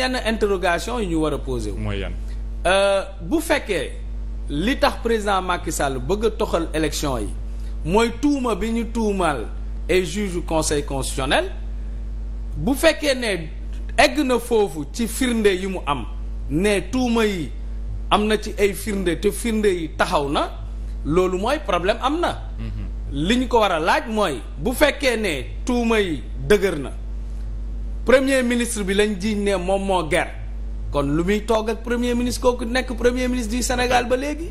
yenn interrogation yu ñu war a poser wu. mooy yan. Euh, bu fekkee li tax président Macky bëgg a toxal élection yi mooy tuuma bi ñu tuumaal et juge conseil constitutionnel bu fekkee ne egg na foofu ci firnde yi mu am ne tuuma yi am na ci ay firnde te firnde yi taxaw na loolu mooy problème am na. Mhm. li ñu ko war a laaj mooy bu fekkee ne tuuma yi dëgër na. premier ministre bi lañ jiiñ ne moom moo guerre kon lu muy toog ak premier ministre kooku nekk premier ministre du Sénégal ba léegi.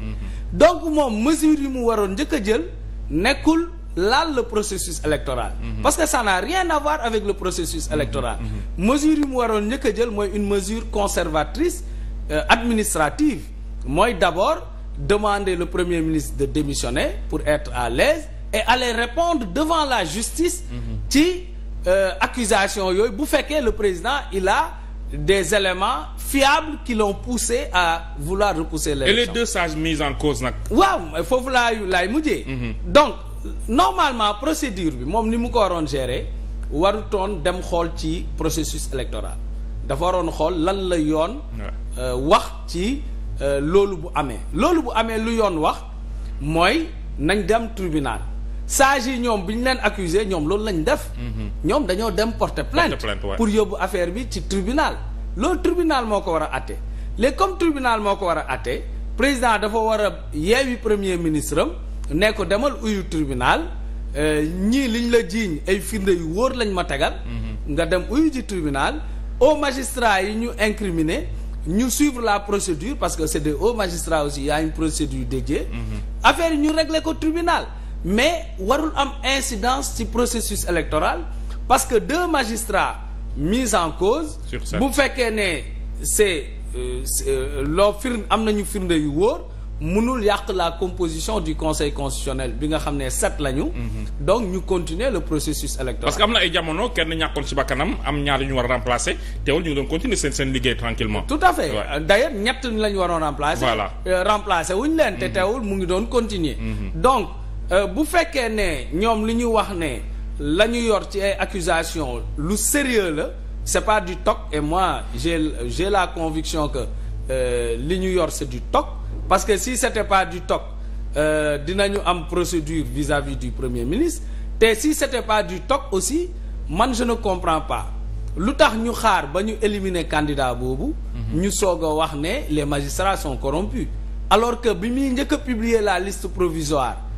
donc moom mesure yi mu waroon njëkk a jël nekkul laal le processus électoral. Mhm. parce que ça n'a rien à avec le processus mhm. électoral. Mhm. mesure yi mu waroon njëkk a jël mooy une mesure conservatrice euh, administrative mooy d'abord demander le premier ministre de démissionner pour être à l'aise et aller répondre devant la justice. ci. Euh, accusation yooyu bu fekkee le président il a des éléments fiables qui l'ont poussé à vouloir repousser l'élection. les deux sages mises en cause nag. waaw foofu laay laay mujjee. Mhm. donc normalement procédure bi moom ni mu ko waroon gérer warutoon dem xool ci processus électoral dafa waroon xool lan la yoon. Euh, wax ci euh, loolu bu amee. loolu bu amee lu yoon wax mooy nañ dem tribunal. sages yi ñoom bi ñu leen accuser ñoom loolu lañu def. Mhm. ñoom dañoo dem porter plainte pour yóbbu affaire bi ci tribunal. loolu tribunal moo ko war a àtte léegi comme tribunal moo ko war a àtte président dafa war a yeewi premier ministre am ne ko demal uyu tribunal euh, ñii liñ la jiiñ ay firnde yu wóor lañ ma tegal. Mhm. nga dem uyu ji tribunal au magistrat yi ñu incriminer ñu suivre la procédure parce que c'est des hauts magistrats aussi yaa a une procédure mhm. affaire yi ñu réglé ko tribunal. mais warul am incidence ci processus électoral parce que deux magistrats mis en cause bu fekkee ne c'est euh, euh, loo firnde am nañu firnde yu wóor mënul yàq la composition du conseil constitutionnel bi nga xam ne sept lañu. Mhm. donc ñu continuer le processus électoral. parce que am na ay jamono kenn ñàkkoon ci bakkanam am ñaar yu ñu war a remplacer teewul ñu ngi doon continuer seen seen liggéey tranquillement tout à fait d'ailleurs ñett la ñu waroon remplacer. voilà euh, remplacer wuñ leen. te mhm. mu ngi doon continuer mhm. donc. Euh, bu fekkee ne ñoom li ñu wax ne la ñu yor ci ay accusations lu sérieux la c'est pas du toc et moi j'ai j'ai la conviction que euh, li ñu yor c'est du toc parce que si c'était pas du toc euh, dinañu am procédure vis-à-vis du premier ministre te si c'était pas du toc aussi man je ne comprends pas lu tax ñu xaar ba ñu éliminer candidat boobu mhm. ñu soog a wax ne les magistrats sont corrompus alors que bi muy njëkk a publier la liste provisoire